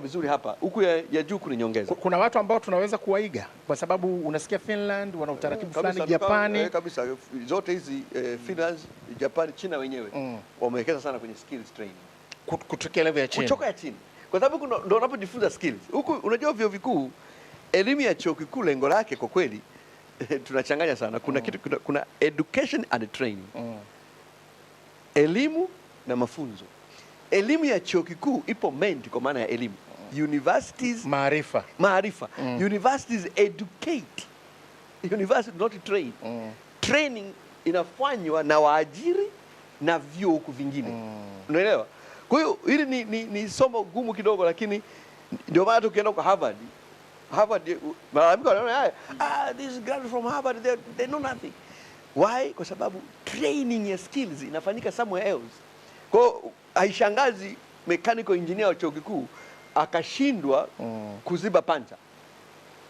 vizuri hapa huku ya, ya juu kuna nyongeza. Kuna watu ambao tunaweza kuwaiga kwa sababu unasikia Finland wana utaratibu fulani, eh, Japani eh, kabisa zote hizi eh, Finland, mm. Japani, China wenyewe mm. wamewekeza sana kwenye skills training kutoka level ya chini, kutoka ya chini, kwa sababu kuna ndio unapojifunza skills huku. Unajua vyuo vikuu, elimu ya chuo kikuu lengo lake kwa kweli eh, tunachanganya sana. Kuna mm. kitu kuna, kuna education and training mm. elimu na mafunzo elimu ya chuo kikuu ipo meant kwa maana ya elimu universities, maarifa maarifa. Mm. Universities educate, university not train. Mm. Training inafanywa na waajiri na vyuo huku vingine. Mm. Unaelewa? Kwa hiyo hili ni, ni, ni somo gumu kidogo, lakini ndio maana tukienda kwa Harvard Harvard malalamiko wanaona haya, ah, this graduate from Harvard they, they know nothing. Why? Kwa sababu training ya skills inafanyika somewhere else. Kwa haishangazi mechanical engineer wa chuo kikuu akashindwa mm. kuziba pancha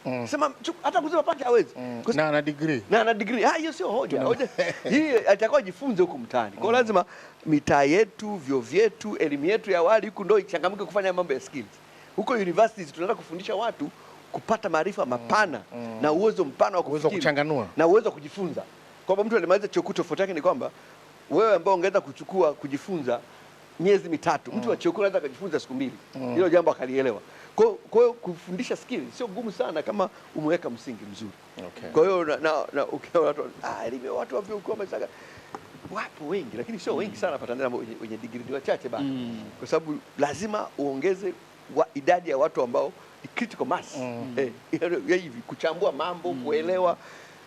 mm. sema hata kuziba pancha hawezi mm. Kus... na ana degree na ana degree. Ah, hiyo sio hoja, hoja hii atakao jifunze huko mtaani. Kwa mm. lazima mitaa yetu, vyo vyetu, elimu yetu ya awali huko ndio ichangamke kufanya mambo ya skills. Huko universities tunataka kufundisha watu kupata maarifa mm. mapana mm. Mm. na uwezo mpana wa kufikiri, kuchanganua na uwezo wa kujifunza, kwamba mtu alimaliza chuo kikuu tofauti yake ni kwamba wewe ambao ungeweza kuchukua kujifunza miezi mitatu mtu mm. wa chuo kikuu anaweza akajifunza siku mbili mm. hilo jambo akalielewa. Kwa hiyo kufundisha skill sio gumu sana kama umeweka msingi mzuri. Kwa hiyo na, na, na ukiona watu ah, lime watu wa vyuo vikuu wapo wengi lakini sio mm. wengi sana hapa Tanzania wenye, wenye degree wachache bado. Mm. Kwa sababu lazima uongeze wa, idadi ya watu ambao ni critical mass. Mm. Eh, yaani, hivi kuchambua mambo, mm. kuelewa.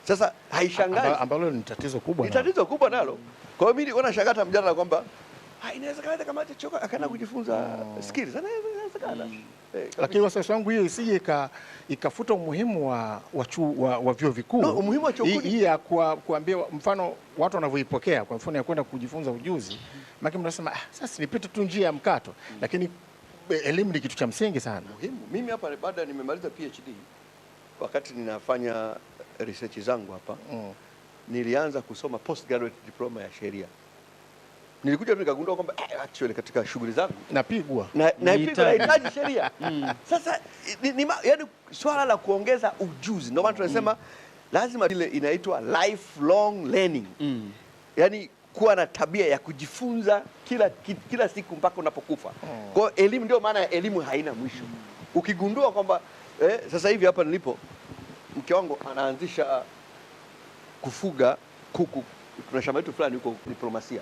Sasa haishangazi ambalo ni tatizo kubwa. Ni tatizo kubwa nalo. Kwa hiyo mimi nashangaa hata mjadala kwamba Ah, inawezekana hata kama atachoka akaenda mm. kujifunza oh. skills, inawezekana. Mm. Eh, Lakini wasiwasi wangu hiyo isije ikafuta umuhimu wa wa, wa wa vyuo vikuu no, umuhimu wa chuo hii ya kuambia mfano watu wanavyoipokea kwa mfano ya kwenda kujifunza ujuzi maki, mnasema ah, sasa nipite tu njia ya mkato mm. Lakini eh, elimu ni kitu cha msingi sana muhimu. Mimi hapa baada nimemaliza PhD, wakati ninafanya eh, research zangu hapa mm. nilianza kusoma postgraduate diploma ya sheria nilikuja tu nikagundua kwamba eh, actually katika shughuli zangu napigwa na, nahitaji sheria mm. sasa ni, ni, yaani swala la kuongeza ujuzi ndio maana tunasema mm. lazima ile inaitwa lifelong learning mm. yani kuwa na tabia ya kujifunza kila, kila siku mpaka unapokufa oh. kwa elimu ndio maana ya elimu haina mwisho mm. ukigundua kwamba eh, sasa hivi hapa nilipo mke wangu anaanzisha kufuga kuku tuna shamba letu fulani huko diplomasia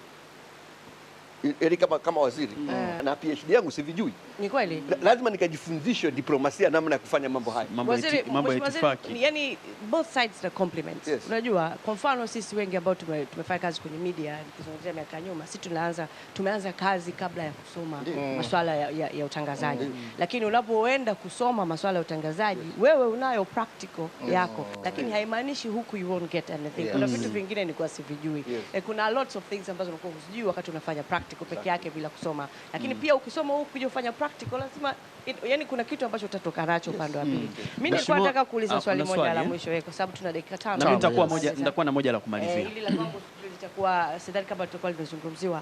Yaani kama, kama waziri mm. na PhD yangu sivijui ni kweli, lazima nikajifundisha diplomasia, namna ya kufanya mambo haya, mambo ya itifaki, yani both sides the compliments. Yes. Unajua, kwa mfano sisi wengi ambao tume, tumefanya kazi kwenye media, nikizungumzia miaka nyuma, sisi tunaanza tumeanza kazi kabla ya kusoma mm. masuala ya, ya, ya utangazaji mm. lakini unapoenda kusoma masuala ya utangazaji yes. wewe unayo practical mm. yako, lakini yeah. haimaanishi huku you won't get anything yes. kuna vitu mm. vingine ni kwa sivijui yes. Eh, kuna lots of things ambazo unakuwa huzijui wakati unafanya practical peke yake bila kusoma, lakini mm. pia ukisoma huku kuja kufanya practical lazima it, yani kuna kitu ambacho utatoka nacho upande wa pili. Yes. Mm. Mimi nilikuwa nataka kuuliza ah, swali moja la eh? mwisho kwa sababu tuna dakika tano. Na mimi nitakuwa moja nitakuwa na moja la kumalizia. Eh, itakuwa sidhani kama tutakuwa limezungumziwa.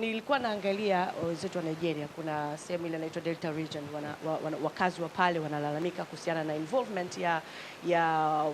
Nilikuwa naangalia oh, wenzetu wa Nigeria, kuna sehemu ile inaitwa Delta Region, wakazi wa pale wanalalamika kuhusiana na involvement ya, ya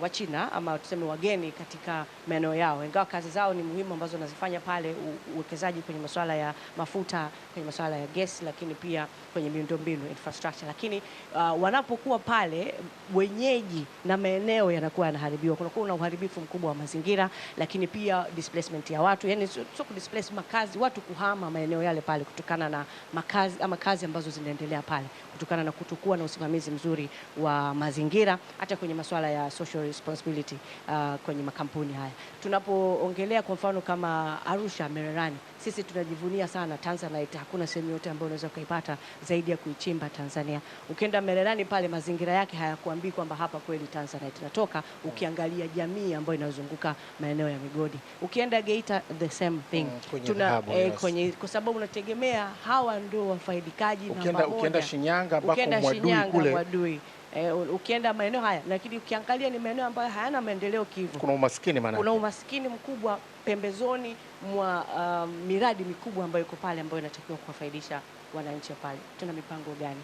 Wachina ama tuseme wageni katika maeneo yao, ingawa kazi zao ni muhimu ambazo wanazifanya pale, uwekezaji kwenye masuala ya mafuta, kwenye masuala ya gesi, lakini pia kwenye miundombinu infrastructure, lakini uh, wanapokuwa pale wenyeji na maeneo yanakuwa yanaharibiwa, kunakuwa na uharibifu mkubwa wa mazingira, lakini pia displacement displacement ya watu, yani sio so displace makazi, watu kuhama maeneo yale pale kutokana na makazi ama kazi ambazo zinaendelea pale kutokana na kutokuwa na usimamizi mzuri wa mazingira, hata kwenye masuala ya social responsibility uh, kwenye makampuni haya. Tunapoongelea kwa mfano kama Arusha Mererani, sisi tunajivunia sana Tanzanite. Hakuna sehemu yote ambayo unaweza ukaipata zaidi ya kuichimba Tanzania. Ukienda Mererani pale, mazingira yake hayakuambii kwamba hapa kweli Tanzanite inatoka, ukiangalia jamii ambayo inazunguka maeneo ya migodi, ukienda kila Geita the same thing mm, tuna eh, kwenye kwa sababu unategemea hawa ndio wafaidikaji na ukienda, Ukienda Shinyanga ambako Shinyanga kule wadui eh, ukienda maeneo haya lakini ukiangalia ni maeneo ambayo hayana maendeleo kivu. Kuna umaskini maana. Kuna umaskini mkubwa pembezoni mwa uh, miradi mikubwa ambayo iko pale ambayo inatakiwa kuwafaidisha wananchi pale. Tuna mipango gani?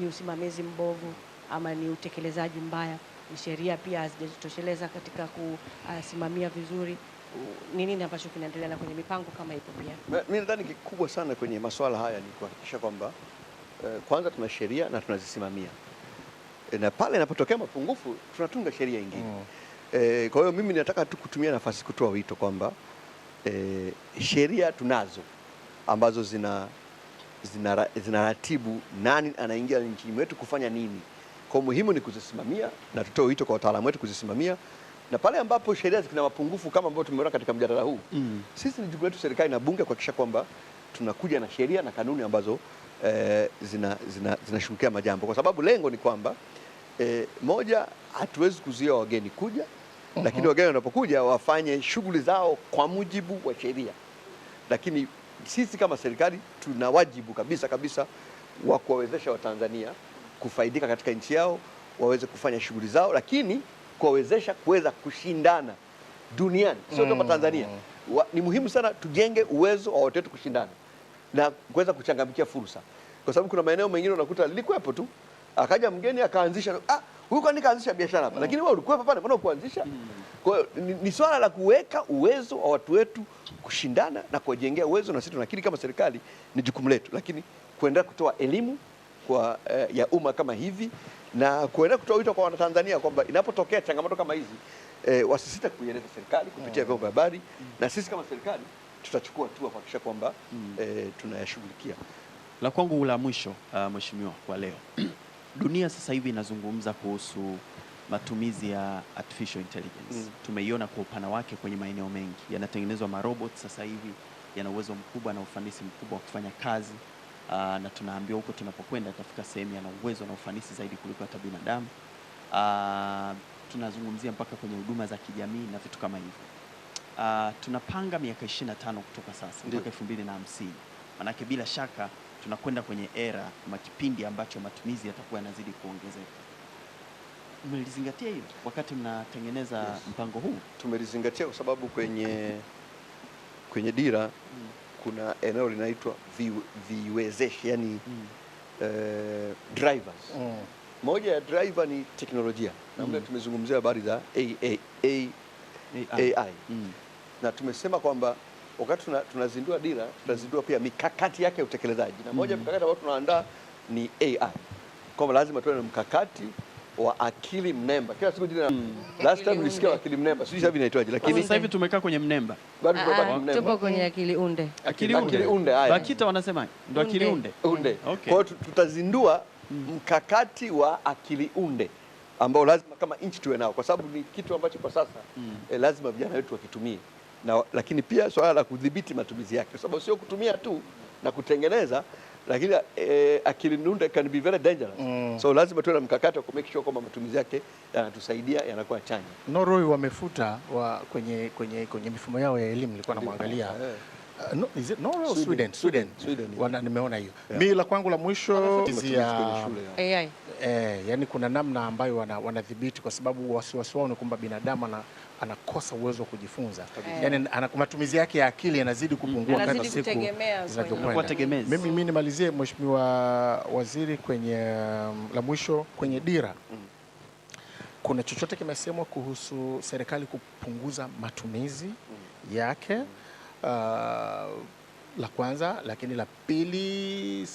Ni usimamizi mbovu ama ni utekelezaji mbaya? Ni sheria pia hazijatosheleza katika kusimamia vizuri ni nini ambacho kinaendelea na kwenye mipango kama ipo pia? Mimi nadhani kikubwa sana kwenye masuala haya ni kuhakikisha kwamba eh, kwanza tuna sheria na tunazisimamia e, na pale inapotokea mapungufu tunatunga sheria nyingine mm. E, kwa hiyo mimi nataka tu kutumia nafasi kutoa wito kwamba e, sheria tunazo ambazo zina zinaratibu zina nani anaingia nchini mwetu kufanya nini. Kwa muhimu ni kuzisimamia, na tutoe wito kwa wataalamu wetu kuzisimamia na pale ambapo sheria zina mapungufu kama ambavyo tumeona katika mjadala huu mm. Sisi ni jukumu letu serikali na bunge kuhakikisha kwamba tunakuja na sheria na kanuni ambazo eh, zinashughulikia zina, zina majambo, kwa sababu lengo ni kwamba eh, moja, hatuwezi kuzuia wageni kuja uh mhm. -huh. Lakini wageni wanapokuja wafanye shughuli zao kwa mujibu wa sheria, lakini sisi kama serikali tuna wajibu kabisa kabisa wa kuwawezesha Watanzania kufaidika katika nchi yao, waweze kufanya shughuli zao lakini kuwawezesha kuweza kushindana duniani, sio tu mm. Tanzania wa, ni muhimu sana tujenge uwezo wa watu wetu kushindana na kuweza kuchangamkia fursa, kwa sababu kuna maeneo mengine unakuta lilikuwepo tu, akaja mgeni akaanzisha, ah, huyu kwani kaanzisha biashara hapa mm. lakini wewe ulikuwa pale, mbona ukuanzisha? mm. Kwa hiyo ni, ni swala la kuweka uwezo wa watu wetu kushindana na kuwajengea uwezo, na sisi tunakiri kama serikali ni jukumu letu, lakini kuendelea kutoa elimu kwa eh, ya umma kama hivi na kuenda kutoa wito kwa Wanatanzania kwamba inapotokea changamoto kama hizi eh, wasisite kuieleza serikali kupitia mm. vyombo vya habari mm. na sisi kama serikali tutachukua hatua kuhakikisha kwamba mm. eh, tunayashughulikia. La kwangu la mwisho uh, mheshimiwa, kwa leo dunia sasa hivi inazungumza kuhusu matumizi ya artificial intelligence mm. Tumeiona kwa upana wake kwenye maeneo mengi, yanatengenezwa marobot sasa hivi, yana uwezo mkubwa na ufanisi mkubwa wa kufanya kazi uh, na tunaambiwa huko tunapokwenda tafika sehemu yana uwezo na ufanisi zaidi kuliko hata binadamu. Uh, tunazungumzia mpaka kwenye huduma za kijamii na vitu kama hivyo. Uh, tunapanga miaka 25 kutoka sasa mpaka 2050. Manake bila shaka tunakwenda kwenye era ama kipindi ambacho matumizi yatakuwa yanazidi kuongezeka. Mmelizingatia hilo wakati mnatengeneza yes, mpango huu? Tumelizingatia kwa sababu kwenye kwenye dira mm kuna eneo linaitwa vi, viwezeshi yani mm. eh, drivers mm. Moja ya driver ni teknolojia na mm. tumezungumzia habari za AI, AI, AI. AI. Mm. na tumesema kwamba wakati tunazindua tuna dira tunazindua pia mikakati yake ya utekelezaji na moja mm. mikakati ambayo tunaandaa ni AI kwamba lazima tuwe na mkakati wa akili mnemba kila siku jina. Hmm. Last time nilisikia akili mnemba, sijui hivi inaitwaje, lakini sasa hivi tumekaa kwenye mnemba. Bado ah, ah, tupo kwenye akili unde. Akili unde. Akili unde haya. Bakita wanasema ndo akili unde. Unde. Kwa hiyo tutazindua hmm. mkakati wa akili unde ambao lazima kama nchi tuwe nao kwa sababu ni kitu ambacho kwa sasa mm. eh, lazima vijana wetu wakitumie na, lakini pia swala la kudhibiti matumizi yake kwa sababu sio kutumia tu na kutengeneza lakini eh, akili nunda can be very dangerous mm. So lazima tuwe na mkakati wa kumake sure kwamba matumizi yake yanatusaidia yanakuwa chanya. Norway wamefuta wa kwenye, kwenye, kwenye mifumo yao ya elimu nilikuwa namwangalia yeah. Uh, no, is it Norway or Sweden? Sweden. Sweden. Sweden yeah. Wana, nimeona hiyo yeah. Mi la kwangu la mwisho ya AI. Eh, yani kuna namna ambayo wanadhibiti wana kwa sababu wasiwasi wao ni kwamba binadamu anakosa uwezo wa kujifunza yeah. Yani matumizi yake ya akili yanazidi kupungua kadri siku zinazokwenda. Mimi mimi nimalizie Mheshimiwa Waziri kwenye um, la mwisho kwenye dira mm. Kuna chochote kimesemwa kuhusu serikali kupunguza matumizi mm. yake mm. Uh, la kwanza, lakini la pili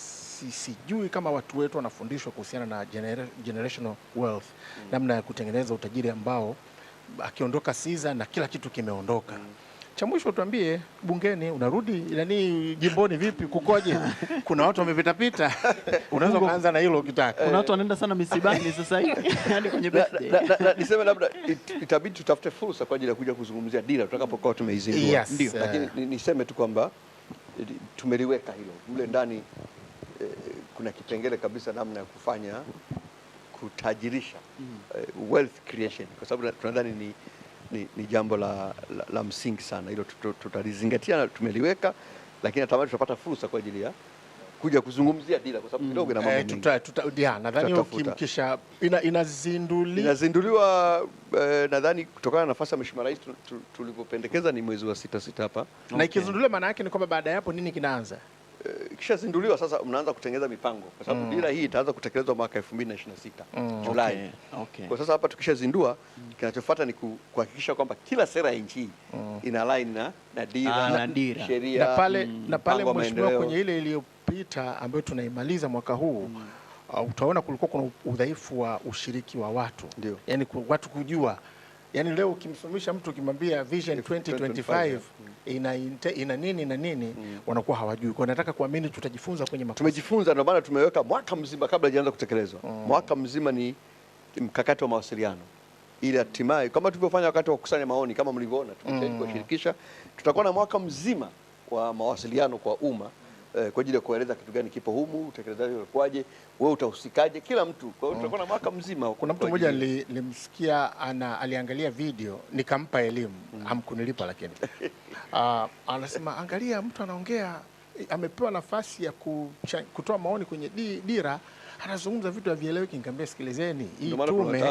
sijui kama watu wetu wanafundishwa kuhusiana na genera generational wealth mm. namna ya kutengeneza utajiri ambao akiondoka Siza na kila kitu kimeondoka mm. Cha mwisho tuambie, bungeni unarudi nani, jimboni vipi, kukoje? Kuna watu wamepitapita, unaweza kuanza na hilo ukitaka. Kuna watu wanaenda sana misibani sasa hivi hadi kwenye birthday. Niseme labda itabidi tutafute fursa kwa ajili ya kuja kuzungumzia dira tutakapokuwa tumeizindua, yes, ndio. Eh. Lakini niseme tu kwamba eh, tumeliweka hilo mle ndani eh, kuna kipengele kabisa namna ya kufanya kutajirisha mm. Eh, wealth creation, kwa sababu tunadhani ni, ni, ni jambo la, la, la msingi sana. Hilo tutalizingatia na tumeliweka, lakini natamani tutapata fursa kwa ajili ya kuja kuzungumzia dira kwa sababu mm. kidogo ina mambo eh, mengi. Nadhani kimkisha inazinduliwa eh, nadhani kutokana na nafasi ya Mheshimiwa Rais tulivyopendekeza ni mwezi wa sita sita hapa. Na ikizinduliwa maana yake ni kwamba baada ya hapo nini kinaanza? ikishazinduliwa sasa mnaanza kutengeneza mipango kwa sababu mm. dira hii itaanza kutekelezwa mwaka 2026 mm. Julai. Okay. Kwa sasa hapa tukishazindua mm. kinachofuata ni kuhakikisha kwamba kila sera ya nchi mm. ina line na, na dira, ah, na dira, sheria na pale, mm. na pale mheshimiwa, kwenye ile iliyopita ambayo tunaimaliza mwaka huu mm. uh, utaona kulikuwa kuna udhaifu wa ushiriki wa watu Ndiyo. yani watu kujua yani leo ukimsomesha mtu ukimwambia Vision 2025 ina, ina nini na nini mm. wanakuwa hawajui. Kwa nataka kuamini tutajifunza kwenye makosa. Tumejifunza, ndio maana tumeweka mwaka mzima kabla haijaanza kutekelezwa mm. mwaka mzima ni mkakati wa mawasiliano ili hatimaye kama tulivyofanya wakati wa kukusanya maoni, kama mlivyoona tumejaribu kuwashirikisha, mm. tutakuwa na mwaka mzima wa mawasiliano kwa umma eh, kwa ajili ya kueleza kitu gani kipo humu, utekelezaji unakuwaje, wewe utahusikaje, kila mtu. Kwa hiyo tutakuwa na mwaka mzima. Kuna mtu mmoja nilimsikia ana aliangalia video nikampa elimu mm. Amkunilipa lakini uh, anasema angalia, mtu anaongea amepewa nafasi ya kutoa maoni kwenye dira anazungumza vitu havieleweki. Nikamwambia sikilizeni, hii tume eh.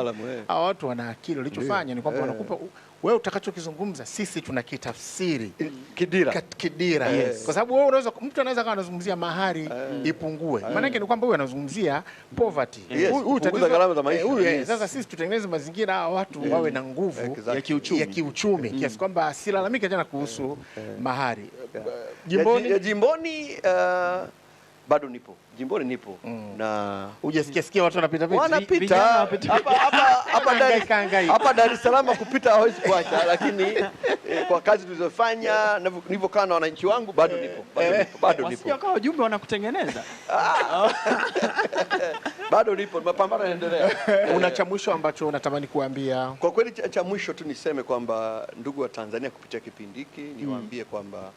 hao watu wana akili. Walichofanya ni kwamba eh. wanakupa wewe utakachokizungumza, sisi kitafsiri kidira, kidira. Eh. Yes. Kwa sababu wewe unaweza mtu anaweza kama anazungumzia mahari mm. ipungue, maana yake ni kwamba huyu anazungumzia poverty, huyu tatizo gharama za maisha. Huyu sasa sisi tutengeneze mazingira hawa watu mm. wawe na nguvu ya kiuchumi, ya kiuchumi mm. kiasi kwamba asilalamike tena kuhusu mahari jimboni, jimboni uh, bado nipo jimboni, nipo mm. na hujasikia sikia watu wanapita pita wanapita hapa hapa Dar es Salaam kupita hawezi kuacha, lakini eh, kwa kazi tulizofanya nilivyokaa na wananchi wangu bado nipo bado eh. nipo bado nipo kwa jumbe wanakutengeneza ah. bado nipo, mapambano yanaendelea. Una cha mwisho ambacho unatamani kuambia? Kwa kweli cha mwisho tu niseme kwamba ndugu wa Tanzania kupitia kipindi hiki niwaambie kwamba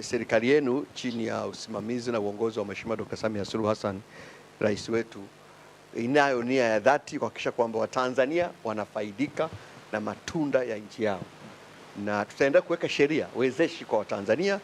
serikali yenu chini ya usimamizi na uongozi wa Mheshimiwa Dkt. Samia Suluhu Hassan, rais wetu, inayo nia ya dhati kuhakikisha kwamba Watanzania wanafaidika na matunda ya nchi yao, na tutaendelea kuweka sheria wezeshi kwa Watanzania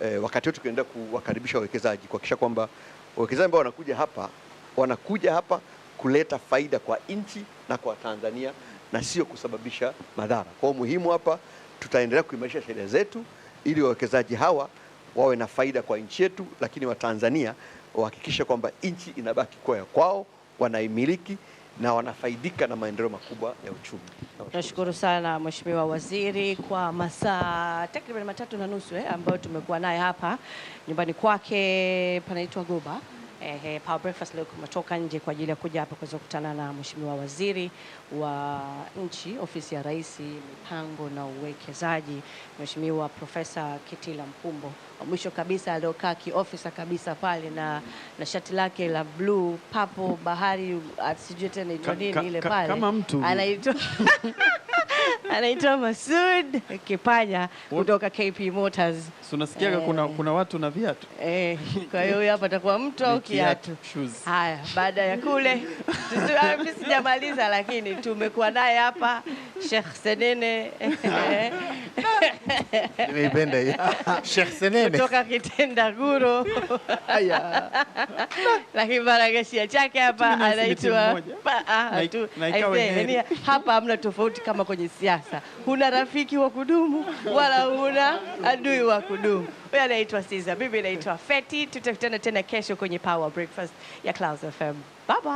e, wakati wote tukiendelea kuwakaribisha wawekezaji kuhakikisha kwamba wawekezaji ambao wanakuja hapa wanakuja hapa kuleta faida kwa nchi na kwa Tanzania na sio kusababisha madhara. Kwa hiyo muhimu hapa, tutaendelea kuimarisha sheria zetu ili wawekezaji hawa wawe na faida kwa nchi yetu, lakini Watanzania wahakikishe kwamba nchi inabaki kuwa ya kwao, wanaimiliki na wanafaidika na maendeleo makubwa ya uchumi. Tunashukuru sana Mheshimiwa Waziri kwa masaa takriban matatu na nusu eh, ambayo tumekuwa naye hapa nyumbani kwake panaitwa Goba eh, Power Breakfast leo kumetoka nje kwa ajili ya kuja hapa kuweza kukutana na Mheshimiwa Waziri wa Nchi, Ofisi ya Rais, Mipango na Uwekezaji, Mheshimiwa Profesa Kitila Mkumbo, mwisho kabisa aliokaa kiofisa kabisa pale na, na shati lake la bluu papo bahari sijui tena nini ile pale kama mtu anaitwa anaitwa Masud Kipanya kutoka KP Motors. unasikia eh, kuna, kuna watu na viatu eh, kwa hiyo huyo hapa atakuwa mtu au kiatu. Haya, baada ya kule tusijamaliza, ah, lakini tumekuwa naye hapa Sheikh Senene nimeipenda hiyo Sheikh Senene kutoka Kitendaguro, lakini ya chake hapa anaitwa ah, hapa. Hamna tofauti kama kwenye siasa, huna rafiki wa kudumu wala huna adui wa kudumu. Wewe anaitwa Siza, mimi naitwa Feti. Tutakutana tena kesho kwenye Power Breakfast ya Clouds FM. Bye bye.